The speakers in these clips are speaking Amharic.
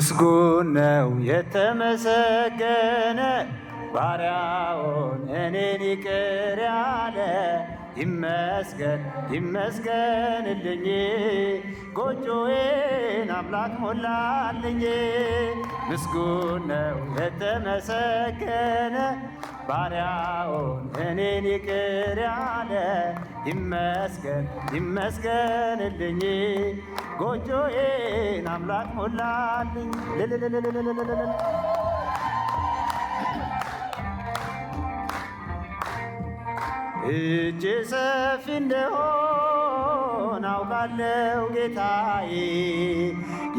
ምስጉን ነው የተመሰገነ ባሪያውን እኔን ይቅር ያለ ይመስገን ይመስገንልኝ፣ ጎጆዬን አምላክ ሞላልኝ። ምስጉን ነው የተመሰገነ ባሪያውን እኔን ይቅር ያለ ይመስገን ይመስገንልኝ። ጎጆዬን አምላክ ሞላልኝ። እጅ ሰፊ እንደሆን አውቃለው ጌታዬ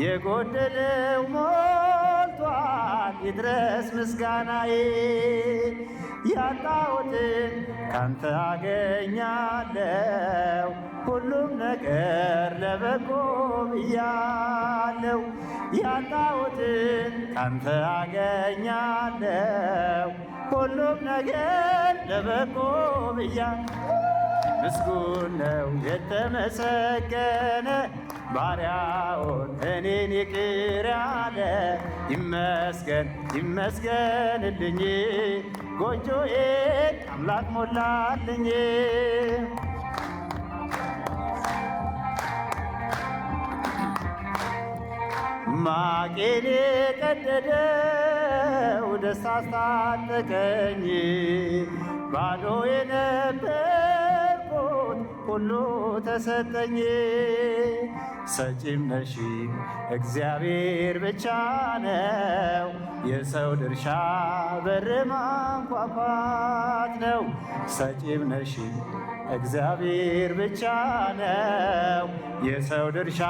የጎደለው ይድረስ ምስጋናዬ ያጣሁትን ካንተ አገኛለው ሁሉም ነገር ለበጎ ብያለው ያጣሁትን ካንተ አገኛለው ሁሉም ነገር ለበጎ ብያ ምስጉን ነው የተመሰገነ ባሪያውን እኔን ይቅር ያለ ይመስገን ይመስገንልኝ። ጎጆዬን አምላክ ሞላልኝ። ማቄን የቀደደው ደስታ አስታጠቀኝ። ባዶ የነበርኩት ሁሉ ተሰጠኝ። ሰጪም ነሽ እግዚአብሔር ብቻ ነው። የሰው ድርሻ በር ማንኳኳት ነው። ሰጪም ነሽ እግዚአብሔር ብቻ ነው። የሰው ድርሻ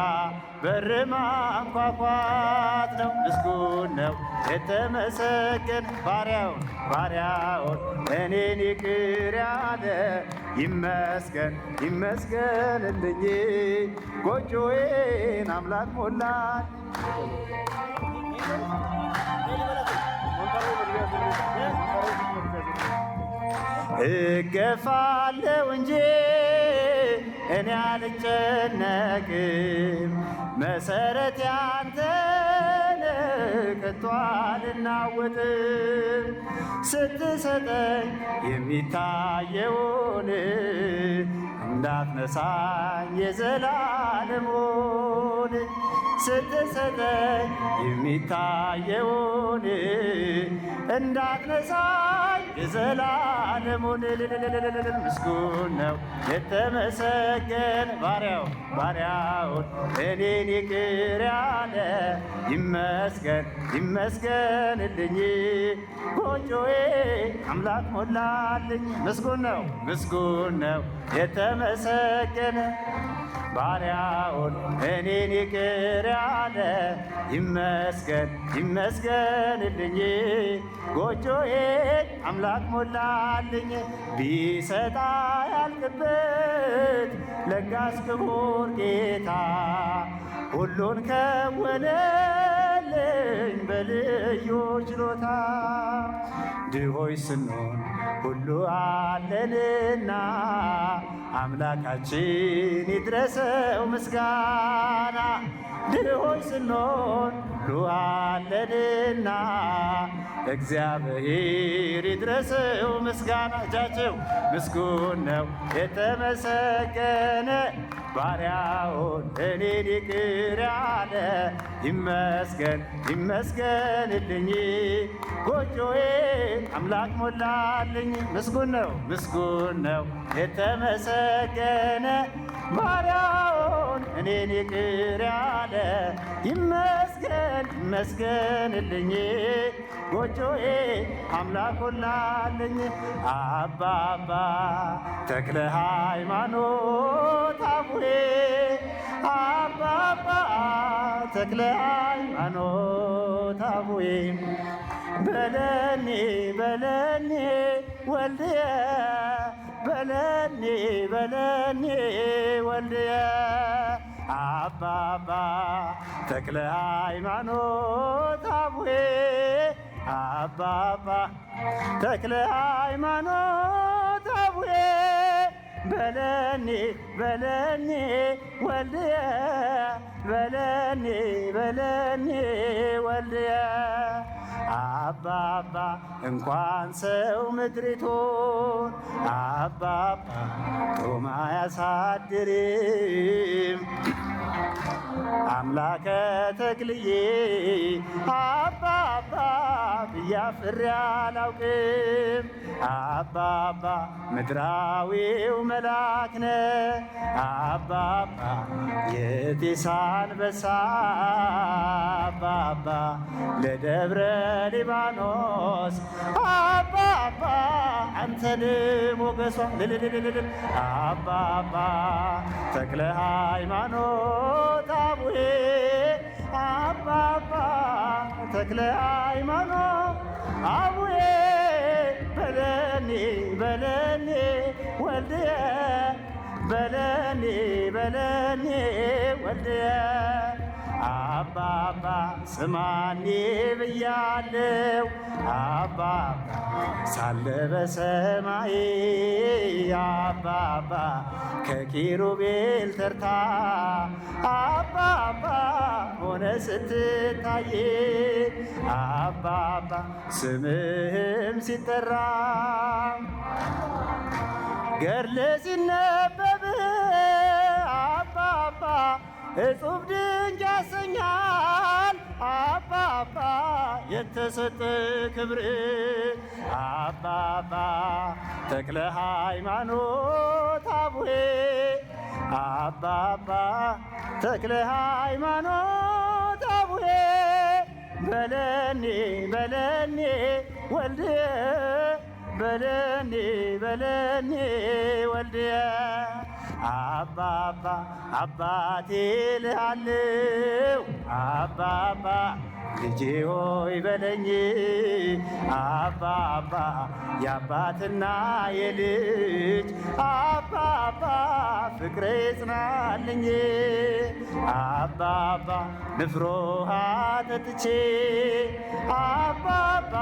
በር ማንኳኳት ነው። ምስጉን ነው የተመሰገን ባሪያውን ባሪያውን እኔን ይቅር ያለ ይመስገን ይመስገንልኝ ጎጆዬን አምላክ ሞላል። እገፋለ እንጂ እኔ አልጨነቅም መሰረት ያንተ ከቶ አልናወጥም ስትሰጠኝ የሚታየውን እንዳትነሳኝ የዘላለሙን ስትሰጠኝ የሚታየውን እንዳትነሳኝ የዘላለሙን ልልልልልል ምስጉን ነው የተመሰገን ባሪያው ባሪያውን እኔን ይቅር ያለ ይመስገን ይመስገንልኝ ጎጆዬ አምላክ ሞላልኝ ምስጉን ነው ምስጉን ነው የተመሰገነ ባሪያውን እኔን ይቅር ያለ ይመስገን ይመስገንልኝ። ጎጆዬን አምላክ ሞላልኝ ቢሰጣ ያልቅበት ለጋስ ክቡር ጌታ ሁሉን ከወነልኝ በልዩ ችሎታ ድሆች ስንሆን ሁሉ አለንና አምላካችን ይድረሰው ምስጋና ድሆች ስንሆን ሉሃለንና እግዚአብሔር ይድረሰው ምስጋናቻቸው። ምስጉን ነው የተመሰገነ ባሪያውን እኔን ይቅር ያለ ይመስገን ይመስገንልኝ። ጎጆዬ አምላክ ሞላልኝ። ምስጉን ነው ምስጉን ነው የተመሰገነ ባሪያውን እኔን ይቅር ያለ ይመስገን ይመስገንልኝ ጎጆዬ አምላክ ሆናልኝ አባባ ተክለ ሃይማኖት አቡዬ አባባ ተክለ ሃይማኖት አቡዬ በለኔ በለኔ ወልድየ በለኒ በለኒ ወልድየ አባባ ተክለ ሃይማኖት አቡዬ አባባ ተክለ ሃይማኖት አቡዬ በለኒ በለኒ ወልድየ በለኒ በለኒ ወልድየ አባባ እንኳን ሰው ምድሪቱን አባባ ጦማ ያሳድሪም አምላከ ተክልዬ አባባ ብያፍሬ አላውቅም አባባ ምድራዊው መላክነ አባባ የቴሳን በሳ አባባ ለደብረ ሊባኖስ አባባ አንተን ሞገሷ አባባ ተክለ ሃይማኖት ታቡሄ አባባ ተክለ ሃይማኖት አቡሄ በለኔ በለኔ ወልድየ በለኔ በለኔ ወልድየ አባባ ስማኔ ብያለው አባባ ሳለ በሰማይ አባባ ከኪሩቤል ተርታ አባባ ሆነ ስትታየ አባባ ስምህም ሲጠራ ገርለ ሲነበብ አባባ እጹብ የተሰጠ ክብር አባባ ተክለ ሃይማኖት አቡሄ አባባ ተክለ ሃይማኖት አቡሄ በለኔ በለኔ ወልድ በለኔ በለኔ ወልድየ አባባ አባቴ ልሃለው አባባ ልጄ ሆይ በለኝ አባባ የአባትና የልጅ አባባ ፍቅሬ ይጽናልኝ አባባ ንፍሮ አጠጥቼ አባባ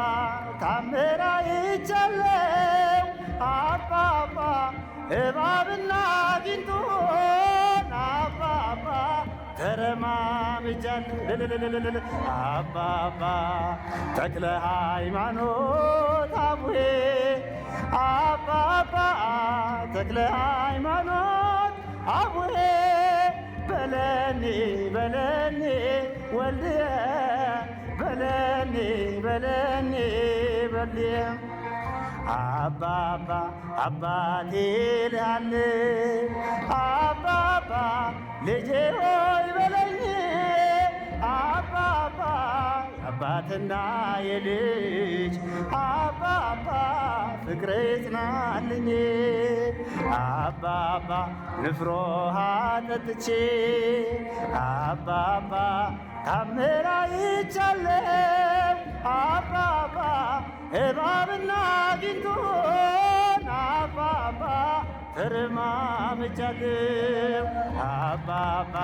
ታምራ ይቻለው አባባ እባብና ጊንጦ ጋብቻል አባባ ተክለ ሃይማኖት አቡሄ አባባ ተክለ ሃይማኖት አቡሄ በለኔ በለኔ ወልድየ በለኔ በለኔ በልየ አባባ አባቴ ልሃለ አባባ ልጄ አባትና የልጅ አባባ ፍቅር ይጽናልኝ አባባ ንፍሮ ሀጠጥቼ አባባ ታምራ ይቻለም አባባ እባብና ግንቶን አባባ ተርማምጃግም አባባ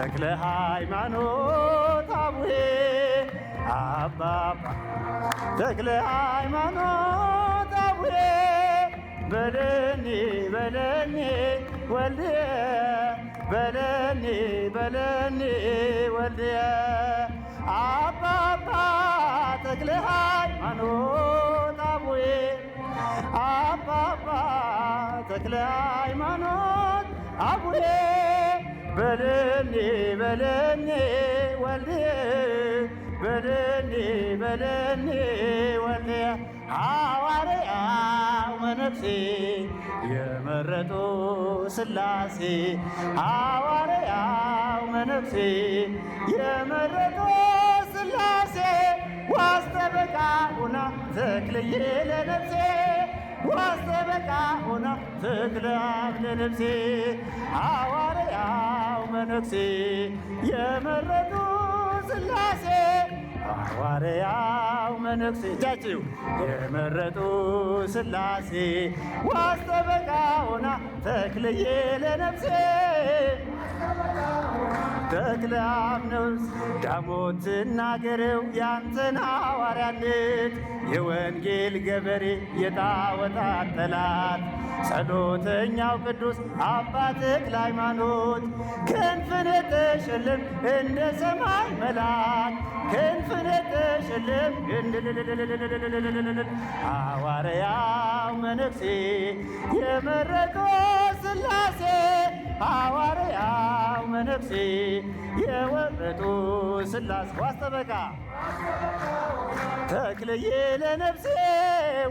ተክለ ሃይማኖት አባባ ተክለ ሃይማኖት አቡዬ በለኒ በለኒ ወልድየ በለኒ በለኒ ወልድየ አባባ ተክለ ሃይማኖት አቡዬ አባባ ተክለ ሃይማኖት አቡዬ በለኒ በለኒ ወልድየ በደኔ በደኔ ወልድያ ሐዋርያው መነኩሴ የመረጦ ሥላሴ ሐዋርያው መነኩሴ የመረጦ ሥላሴ ዋስጠበቃ ሁና ተክልዬ ለነፍሴ ዋስጠበቃ ሁና ተክላብ ለነፍሴ ሐዋርያው መነኩሴ የመረጦ ሐዋርያው መነኩሴ ጃጭው የመረጡ ሥላሴ ዋስጠበቃ ሆና ተክልዬ ለነፍሴ ተክለ ሃይማኖት ዳሞት ትናገረው ያንተን ሐዋርያነት የወንጌል ገበሬ የጣዖታት ጠላት ጸሎተኛው ቅዱስ አባ ተክለ ሃይማኖት ክንፍን ተሸልም እንደ ሰማይ መላክ ክንፍን ተሸልም ሐዋርያው መነኩሴ የመረቆ ስላሴ ሐዋርያው መነኩሴ የወረጡ ሥላሴ ዋስተበቃ ተክልዬ ለነፍሴ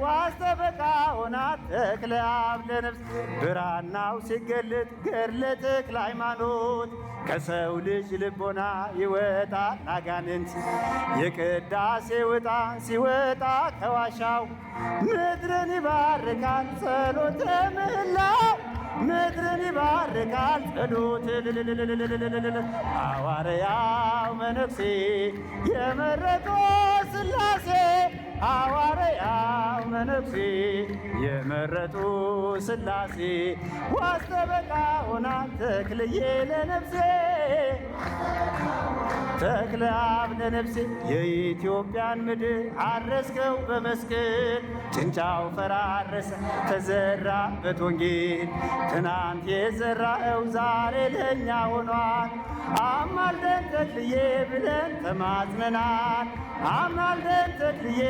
ዋስተበቃ ሆና ተክለ አብ ለነፍስ ብራናው ሲገለጥ ገድለ ተክለ ሃይማኖት ከሰው ልጅ ልቦና ይወጣ ናጋንንት የቅዳሴ ውጣ ሲወጣ ከዋሻው ምድርን ይባርካል ጸሎት ምህላው ምድርን ይባርካል ጸሎት አዋርያው መነኩሴ የመረጦ ስላሴ ሐዋርያው መነኩሴ የመረጡ ስላሴ ዋስተበቃ ሆና ተክልዬ ለነፍሴ ተክለ አብ ለነፍሴ የኢትዮጵያን ምድር አረስከው በመስቀል ጭንጫው ፈራረሰ ተዘራበት ወንጌል ትናንት የዘራኸው ዛሬ ለእኛ ሆኗል። አማልደን ተክልዬ ብለን ተማጽነናል። አማልደን ተክልዬ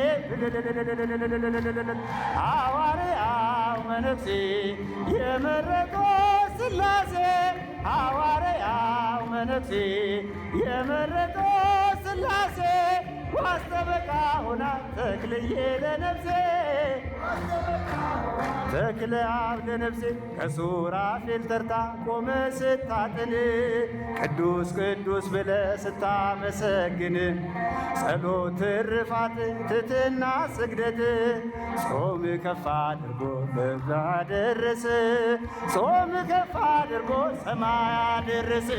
ሐዋርያው ስላሴ ሐዋርያው መነኩሴ የመረጠው ሥላሴ ዋስጠበቃ ሆና ተክልዬ ለነፍሴ ተክለ አብ ለነፍሴ ከሱራፌል ተርታ ቆመ ስታጥን ቅዱስ ቅዱስ ብለ ስታመሰግን ጸሎት ርፋት ትትና ስግደት ጾም ከፍ አድርጎ በዛ ደርስ ጾም ከፍ አድርጎ ሰማያ ደረሰ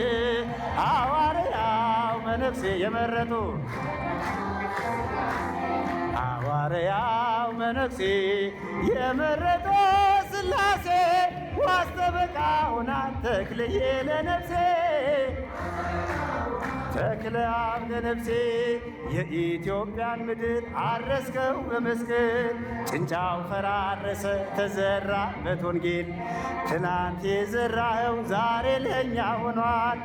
ሐዋርያው መነፍሴ የመረጡ መነኩሴ የመረጠ ስላሴ ዋስተበቃ ሁና ተክልዬ ለነፍሴ ተክለ አብ ለነፍሴ የኢትዮጵያን ምድር አረስከው በመስቀል ጭንጫው ፈራረሰ ተዘራበት ወንጌል ትናንት የዘራኸው ዛሬ ለእኛ ሆኗል።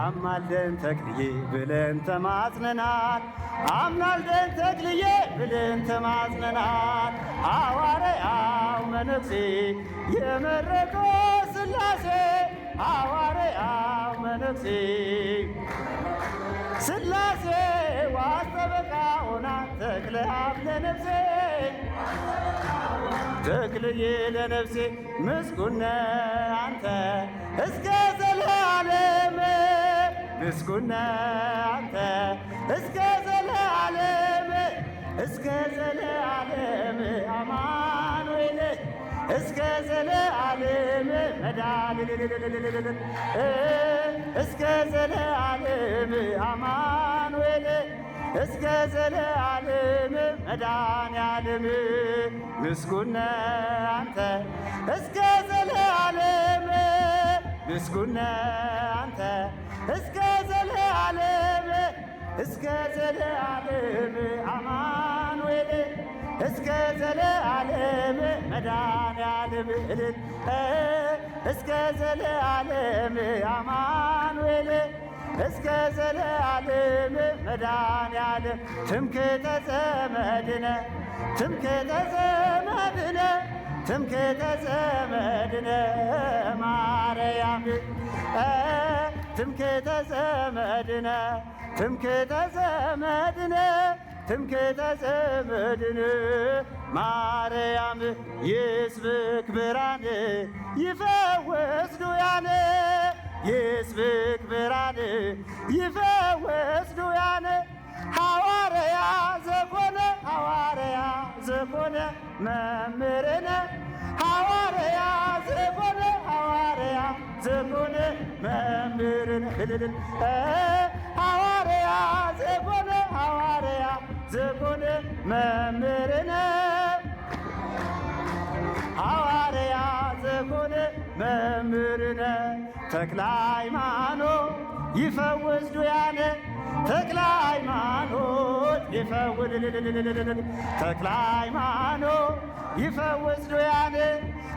አማልደን ተክልዬ ብለን ተማጽነናል። አማልደን ተክልዬ ብለን ተማጽነናል። ሐዋርያው መነኩሴ የመረጦ ሥላሴ ሐዋርያው መነኩሴ ሥላሴ ዋስጠበቃ ሆና ተክለ አብ ለነፍሴ ተክልዬ ለነፍሴ ምስጉነ አንተ እስከ ምስጉን ነህ አንተ እስከ ዘላለም እስከ ዘላለም አማኑኤል እስከ ዘላለም መዳን እስከ ዘላለም አማኑኤል እስከ ዘላለም መድኃኔዓለም ምስጉን አንተ እስከ ዘላለም ምስጉን አንተ እስከ ዘለዓለም እስከ ዘለዓለም አማኑኤል እስከ ዘለዓለም መድኃኒዓለም እልል እስከ ዘለዓለም አማኑኤል እስከ ዘለዓለም መድኃኒዓለም ትምክሕተ ዘመድነ ትምክሕተ ዘመድነ ትምክሕተ ዘመድነ ማርያም ትምክህተ ዘመድነ ትምክህተ ዘመድነ ትምክህተ ዘመድነ ማርያም ይስብክ ብርሃን ይፈወስ ዱያነ ይስብክ ብርሃን ይፈወስ ዱያነ ሐዋርያ ዘኮነ ሐዋርያ ዘኮነ መምህርነ ሐዋርያ ዘኮነ ሐዋርያ ዘኮነ መምህርን እልልን ሐዋርያ ዘኮነ ሐዋርያ ዘኮነ መምህርን ሐዋርያ ዘኮነ መምህርን ተክለ ሃይማኖት ይፈውስ ዱያነ ተክለ ሃይማኖት ይፈውስ ተክለ ሃይማኖት ይፈውስ ዱያነ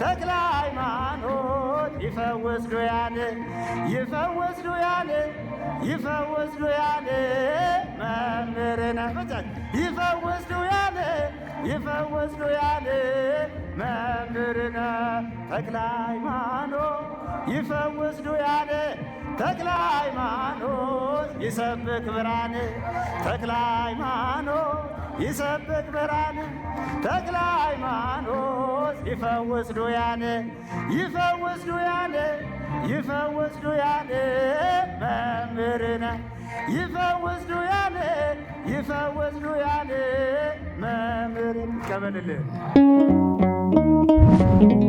ተክለ ሃይማኖት ይፈውስ ዱያን ይፈውስ ዱያን ይፈውስ ዱያን መምህርነ ይፈውስ ዱያን ይፈውስ ዱያን መምህርነ ተክለ ሃይማኖት ይፈውስ ዱያን ተክለ ሃይማኖት ይሰብክ ብርሃን ተክለ ሃይማኖት ይሰብክ ብርሃን ተክለ ሃይማኖት ይፈውስ ዱያነ ይፈውስ ዱያነ ይፈውስ ዱያነ መምህርነ ይፈውስ ዱያነ ይፈውስ ዱያነ መምህርን ይቀበልልን